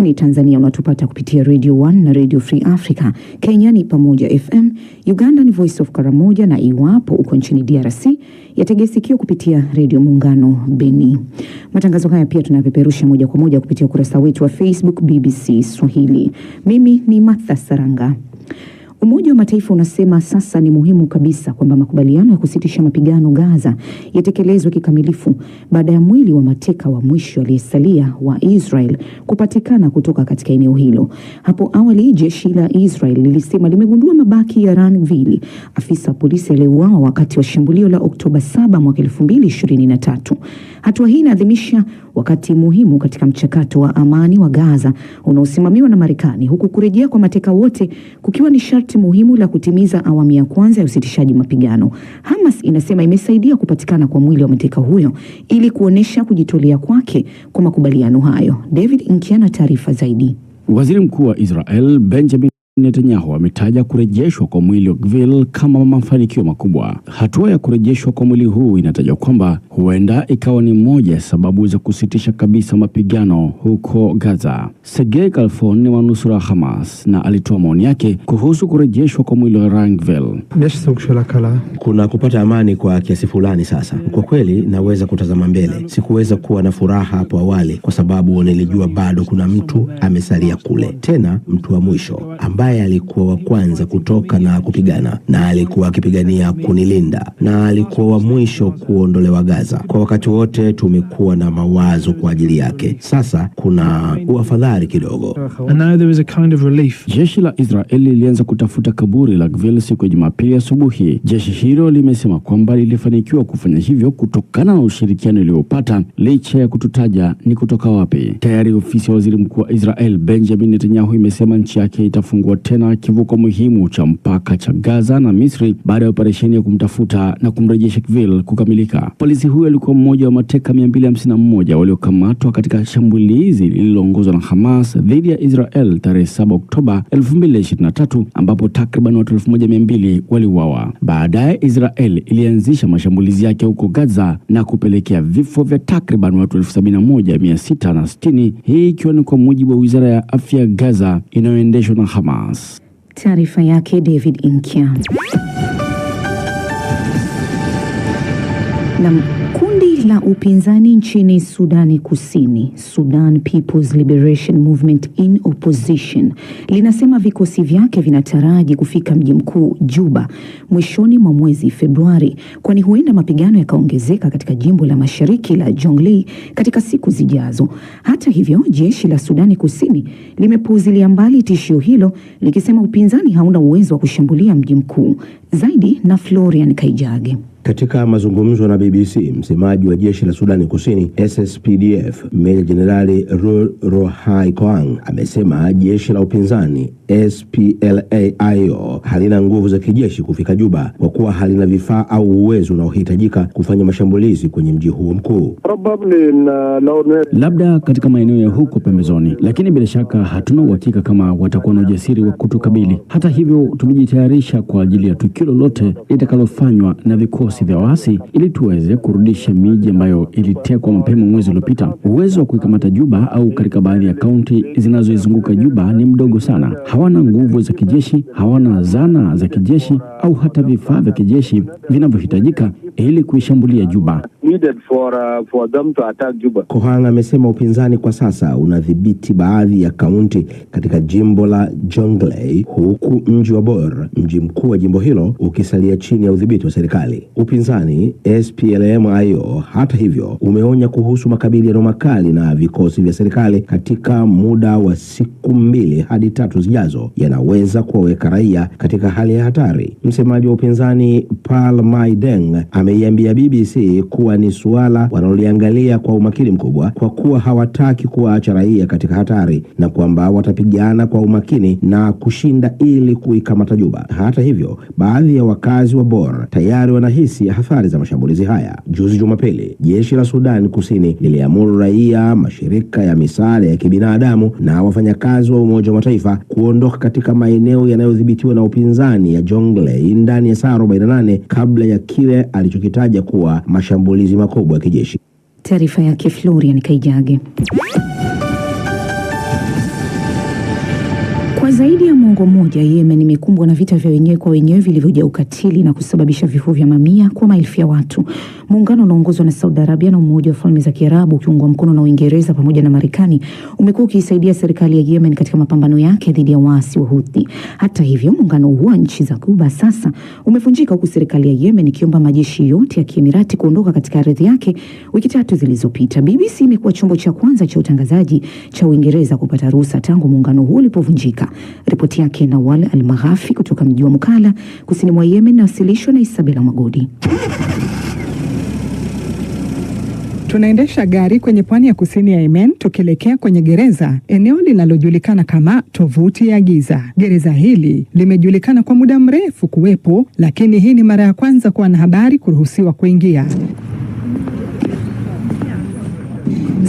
Nchini Tanzania unatupata kupitia Radio 1 na Radio Free Africa. Kenya ni Pamoja FM, Uganda ni Voice of Karamoja na iwapo uko nchini DRC yategesikio kupitia Redio Muungano Beni. Matangazo haya pia tunapeperusha moja kwa moja kupitia ukurasa wetu wa Facebook BBC Swahili. Mimi ni Martha Saranga. Umoja wa Mataifa unasema sasa ni muhimu kabisa kwamba makubaliano ya kusitisha mapigano Gaza yatekelezwe kikamilifu baada ya mwili wa mateka wa mwisho aliyesalia wa Israel kupatikana kutoka katika eneo hilo. Hapo awali jeshi la Israel lilisema limegundua mabaki ya Ranvili, afisa wa polisi aliyeuawa wakati wa shambulio la Oktoba 7 mwaka 2023. Hatua hii inaadhimisha wakati muhimu katika mchakato wa amani wa Gaza unaosimamiwa na Marekani, huku kurejea kwa mateka wote kukiwa ni sharti sharti muhimu la kutimiza awamu ya kwanza ya usitishaji mapigano. Hamas inasema imesaidia kupatikana kwa mwili wa mateka huyo ili kuonyesha kujitolea kwake kwa makubaliano hayo. David Nkiana, taarifa zaidi. Waziri Mkuu wa Israel Benjamin Netanyahu ametaja kurejeshwa kwa mwili wa Gvil kama mafanikio makubwa. Hatua ya kurejeshwa kwa mwili huu inatajwa kwamba huenda ikawa ni moja ya sababu za kusitisha kabisa mapigano huko Gaza. Sergei Kalfon ni manusura Hamas na alitoa maoni yake kuhusu kurejeshwa kwa mwili wa Ran Kuna kupata amani kwa kiasi fulani sasa. Kwa kweli naweza kutazama mbele. Sikuweza kuwa na furaha hapo awali kwa sababu nilijua bado kuna mtu amesalia kule, tena mtu wa mwisho ambaye ambaye alikuwa wa kwanza kutoka na kupigana na alikuwa akipigania kunilinda na alikuwa wa mwisho kuondolewa Gaza. Kwa wakati wote tumekuwa na mawazo kwa ajili yake. Sasa kuna uafadhari kidogo. Kind of jeshi la Israeli lilianza kutafuta kaburi la Gvir siku ya Jumapili asubuhi. Jeshi hilo limesema kwamba lilifanikiwa kufanya hivyo kutokana na ushirikiano iliyopata, licha ya kututaja ni kutoka wapi. Tayari ofisi ya waziri mkuu wa Israel Benjamin Netanyahu imesema nchi yake itafungua kuwa tena kivuko muhimu cha mpaka cha Gaza na Misri baada ya operesheni ya kumtafuta na kumrejesha Kivil kukamilika. Polisi huyo alikuwa mmoja wa mateka 251 waliokamatwa katika shambulizi lililoongozwa na Hamas dhidi ya Israel tarehe 7 Oktoba 2023 ambapo takriban watu 1200 waliuawa. Baadaye Israel ilianzisha mashambulizi yake huko Gaza na kupelekea vifo vya takriban watu 71660 hii ikiwa ni kwa mujibu wa Wizara ya Afya Gaza inayoendeshwa na Hamas. France. Taarifa yake David inkia Na kundi la upinzani nchini Sudani Kusini, Sudan People's Liberation Movement in Opposition, linasema vikosi vyake vinataraji kufika mji mkuu Juba mwishoni mwa mwezi Februari, kwani huenda mapigano yakaongezeka katika jimbo la mashariki la Jonglei katika siku zijazo. Hata hivyo, jeshi la Sudani Kusini limepuuzilia mbali tishio hilo likisema upinzani hauna uwezo wa kushambulia mji mkuu. Zaidi na Florian Kaijage. Katika mazungumzo na BBC, msemaji wa jeshi la Sudani Kusini SSPDF, Meja Jenerali Rur Rohai Koang amesema jeshi la upinzani SPLAIO halina nguvu za kijeshi kufika Juba kwa kuwa halina vifaa au uwezo unaohitajika kufanya mashambulizi kwenye mji huo mkuu, labda katika maeneo ya huko pembezoni, lakini bila shaka hatuna uhakika kama watakuwa na ujasiri wa kutukabili. Hata hivyo, tumejitayarisha kwa ajili ya tukio lolote litakalofanywa na vikosi vya waasi ili tuweze kurudisha miji ambayo ilitekwa mapema mwezi uliopita. Uwezo wa kuikamata Juba au katika baadhi ya kaunti zinazoizunguka Juba ni mdogo sana hawana nguvu za kijeshi, hawana zana za kijeshi au hata vifaa vya kijeshi vinavyohitajika ili kuishambulia Juba. For, uh, for them to attack Juba. amesema upinzani kwa sasa unadhibiti baadhi ya kaunti katika jimbo la Jonglei huku mji wa Bor, mji mkuu wa jimbo hilo, ukisalia chini ya udhibiti wa serikali. Upinzani SPLM-IO hata hivyo umeonya kuhusu makabiliano makali na vikosi vya serikali katika muda wa siku mbili hadi tatu zijazo, yanaweza kuwaweka raia katika hali ya hatari. Msemaji wa upinzani Pal Mai Deng ame ameiambia BBC kuwa ni suala wanaoliangalia kwa umakini mkubwa kwa kuwa hawataki kuwaacha raia katika hatari na kwamba watapigana kwa umakini na kushinda ili kuikamata Juba. Hata hivyo, baadhi ya wakazi wa Bor tayari wanahisi athari za mashambulizi haya. Juzi Jumapili, jeshi la Sudani Kusini liliamuru raia, mashirika ya misaada ya kibinadamu na wafanyakazi wa Umoja wa Mataifa kuondoka katika maeneo yanayodhibitiwa na upinzani ya Jonglei ndani ya saa 48 kabla ya kile ali alichokitaja kuwa mashambulizi makubwa ya kijeshi. Taarifa yake Florian Kaijage. Zaidi ya mwongo mmoja, Yemen imekumbwa na vita vya wenyewe kwa wenyewe vilivyojaa ukatili na kusababisha vifo vya mamia kwa maelfu ya watu. Muungano unaongozwa na Saudi Arabia na Umoja wa Falme za Kiarabu ukiungwa mkono na Uingereza pamoja na Marekani umekuwa ukiisaidia serikali ya Yemen katika mapambano yake dhidi ya waasi wa Houthi. Hata hivyo, muungano huo wa nchi za kuba sasa umevunjika huku serikali ya Yemen ikiomba majeshi yote ya Kiemirati kuondoka katika ardhi yake wiki tatu zilizopita. BBC imekuwa chombo cha kwanza cha utangazaji cha Uingereza kupata ruhusa tangu muungano huo ulipovunjika. Ripoti yake Nawal Al Maghafi kutoka mji wa Mukala kusini mwa Yemen inawasilishwa na Isabela magodi Tunaendesha gari kwenye pwani ya kusini ya Yemen tukielekea kwenye gereza, eneo linalojulikana kama tovuti ya giza. Gereza hili limejulikana kwa muda mrefu kuwepo, lakini hii ni mara ya kwanza kwa wanahabari kuruhusiwa kuingia.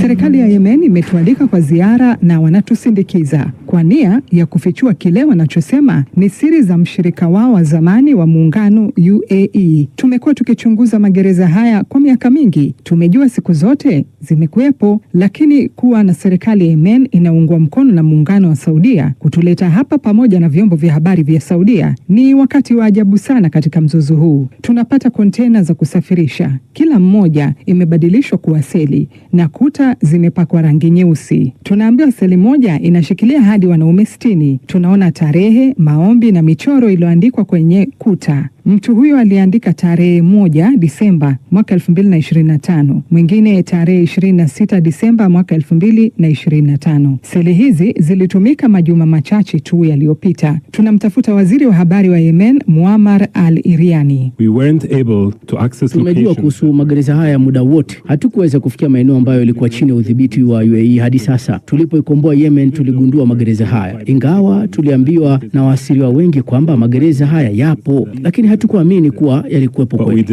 Serikali ya Yemen imetualika kwa ziara na wanatusindikiza kwa nia ya kufichua kile wanachosema ni siri za mshirika wao wa zamani wa muungano UAE. Tumekuwa tukichunguza magereza haya kwa miaka mingi, tumejua siku zote zimekuwepo, lakini kuwa na serikali ya Yemen inaungwa mkono na muungano wa Saudia kutuleta hapa pamoja na vyombo vya habari vya Saudia ni wakati wa ajabu sana katika mzozo huu. Tunapata kontena za kusafirisha, kila mmoja imebadilishwa kuwa seli na kuta zimepakwa rangi nyeusi. Tunaambiwa seli moja inashikilia hadi wanaume sitini. Tunaona tarehe, maombi na michoro iliyoandikwa kwenye kuta. Mtu huyo aliandika tarehe moja Disemba mwaka tano mwingine tarehe 26 Disemba mwaka tano Seli hizi zilitumika majuma machache tu yaliyopita. Tunamtafuta waziri wa habari wa Yemen Muammar al Iriani. We tumejua kuhusu magereza haya muda wote, hatukuweza kufikia maeneo ambayo yalikuwa chini ya udhibiti wa UAE hadi sasa. Tulipoikomboa Yemen, tuligundua magereza haya, ingawa tuliambiwa na waasiriwa wengi kwamba magereza haya yapo, lakini hatukuamini kuwa yalikuwepo kweli.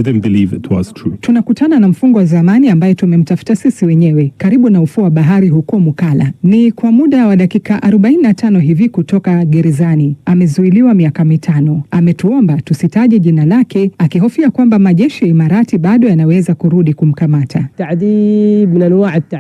Tunakutana na mfungwa wa zamani ambaye tumemtafuta sisi wenyewe karibu na ufuo wa bahari huko Mukala. Ni kwa muda wa dakika 45 hivi kutoka gerezani. Amezuiliwa miaka mitano. Ametuomba tusitaje jina lake, akihofia kwamba majeshi ya Imarati bado yanaweza kurudi kumkamata.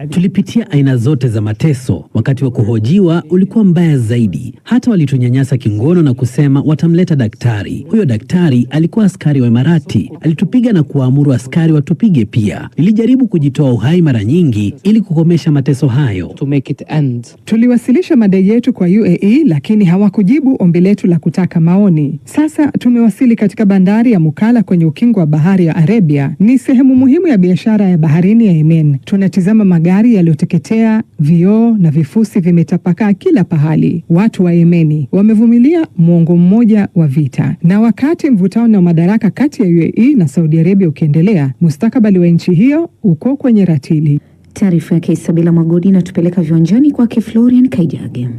Tulipitia aina zote za mateso. Wakati wa kuhojiwa ulikuwa mbaya zaidi, hata walitunyanyasa kingono na kusema watamleta daktari. Huyo daktari alikuwa askari wa Imarati, alitupiga na kuwaamuru askari watupige pia. Nilijaribu kujitoa uhai mara nyingi ili kukomesha mateso hayo. To make it end. Tuliwasilisha madai yetu kwa UAE lakini hawakujibu ombi letu la kutaka maoni. Sasa tumewasili katika bandari ya Mukala kwenye ukingo wa bahari ya Arabia. Ni sehemu muhimu ya biashara ya baharini ya Yemen. Tunatizama magari yaliyoteketea, vioo na vifusi vimetapakaa kila pahali. Watu wa Yemeni wamevumilia mwongo mmoja wa vita na wakati mvutano na madaraka kati ya UAE na Saudi Arabia ukiendelea, mustakabali wa nchi hiyo uko kwenye ratili. Taarifa yake Isabela Mwagodi inatupeleka viwanjani kwake Florian Kaijage.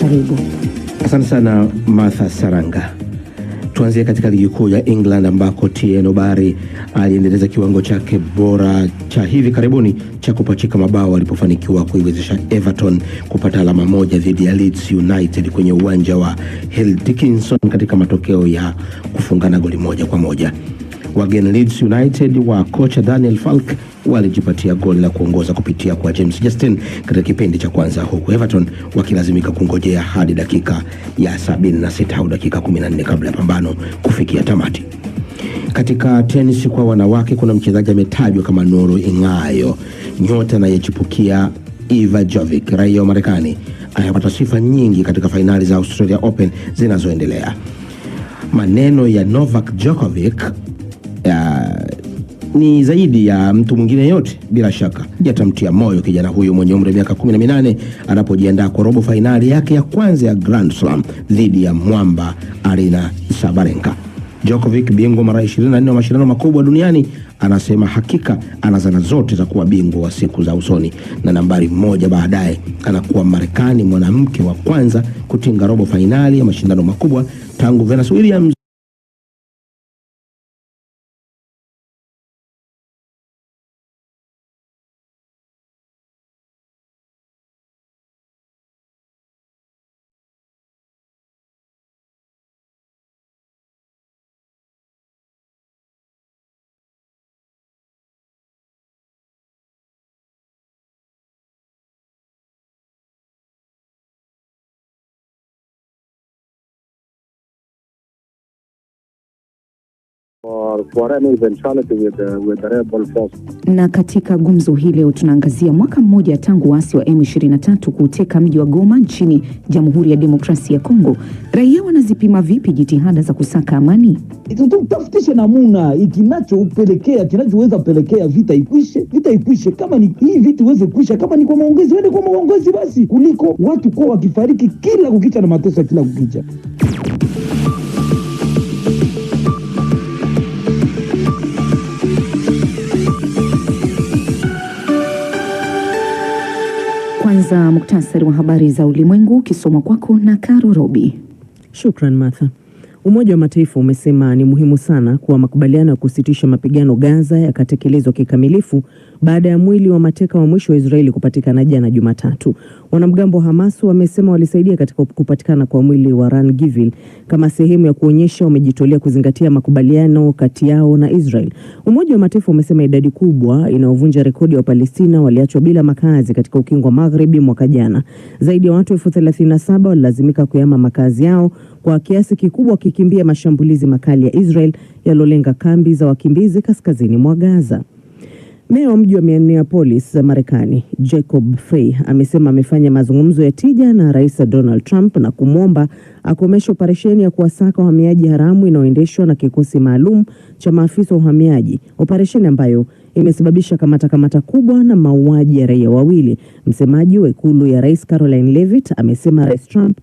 Karibu. Asante sana Martha Saranga. Tuanzie katika ligi kuu ya England ambako TN Obari aliendeleza kiwango chake bora cha hivi karibuni cha kupachika mabao alipofanikiwa kuiwezesha Everton kupata alama moja dhidi ya Leeds United kwenye uwanja wa Hill Dickinson katika matokeo ya kufungana goli moja kwa moja. Wageni Leeds United wa kocha Daniel Falk walijipatia goli la kuongoza kupitia kwa James Justin katika kipindi cha kwanza, huku Everton wakilazimika kungojea hadi dakika ya 76 au dakika 14 kabla ya pambano kufikia tamati. Katika tenisi kwa wanawake, kuna mchezaji ametajwa kama nuru ing'ayo, nyota anayechipukia Iva Jovic, raia wa Marekani, anapata sifa nyingi katika fainali za Australia Open zinazoendelea. Maneno ya Novak Djokovic ni zaidi ya mtu mwingine yote bila shaka yatamtia moyo kijana huyu mwenye umri wa miaka 18 anapojiandaa kwa robo fainali yake ya kwanza ya Grand Slam dhidi ya mwamba Arina Sabalenka. Djokovic, bingwa mara 24 wa mashindano makubwa duniani, anasema hakika ana zana zote za kuwa bingwa wa siku za usoni, na nambari moja baadaye anakuwa Marekani mwanamke wa kwanza kutinga robo fainali ya mashindano makubwa tangu Venus Williams Uh, na katika gumzo hii leo tunaangazia mwaka mmoja tangu waasi wa M23 kuuteka mji wa Goma nchini Jamhuri ya Demokrasia ya Kongo. Raia wanazipima vipi jitihada za kusaka amani? Tutafutishe namuna kinachopelekea kinachoweza pelekea vita ikwishe, vita ikwishe. Kama ni hii vitu iweze kuisha, kama ni kwa maongezi, wende kwa maongezi basi, kuliko watu kuwa wakifariki kila kukicha na mateso ya kila kukicha. Sikiliza muktasari wa habari za ulimwengu ukisomwa kwako na Karo Robi. Shukran Martha. Umoja wa Mataifa umesema ni muhimu sana kuwa makubaliano ya kusitisha mapigano Gaza yakatekelezwa kikamilifu baada ya mwili wa mateka wa mwisho wa Israeli kupatikana jana Jumatatu. Wanamgambo wa Hamas wamesema walisaidia katika kupatikana kwa mwili wa Ran Givil kama sehemu ya kuonyesha wamejitolea kuzingatia makubaliano kati yao na Israel. Umoja wa Mataifa umesema idadi kubwa inayovunja rekodi ya Wapalestina waliachwa bila makazi katika ukingo wa Magharibi mwaka jana. Zaidi ya watu elfu 37 walilazimika kuyama makazi yao kwa kiasi kikubwa kikimbia mashambulizi makali ya Israel yalolenga kambi za wakimbizi kaskazini mwa Gaza. Meya wa mji wa Minneapolis, Marekani, Jacob Frey amesema amefanya mazungumzo ya tija na Rais Donald Trump na kumwomba akomeshe operesheni ya kuwasaka wahamiaji haramu inayoendeshwa na kikosi maalum cha maafisa wa uhamiaji, operesheni ambayo imesababisha kamata kamata kubwa na mauaji ya raia wawili. Msemaji wa ikulu ya rais Caroline Levitt amesema Rais Trump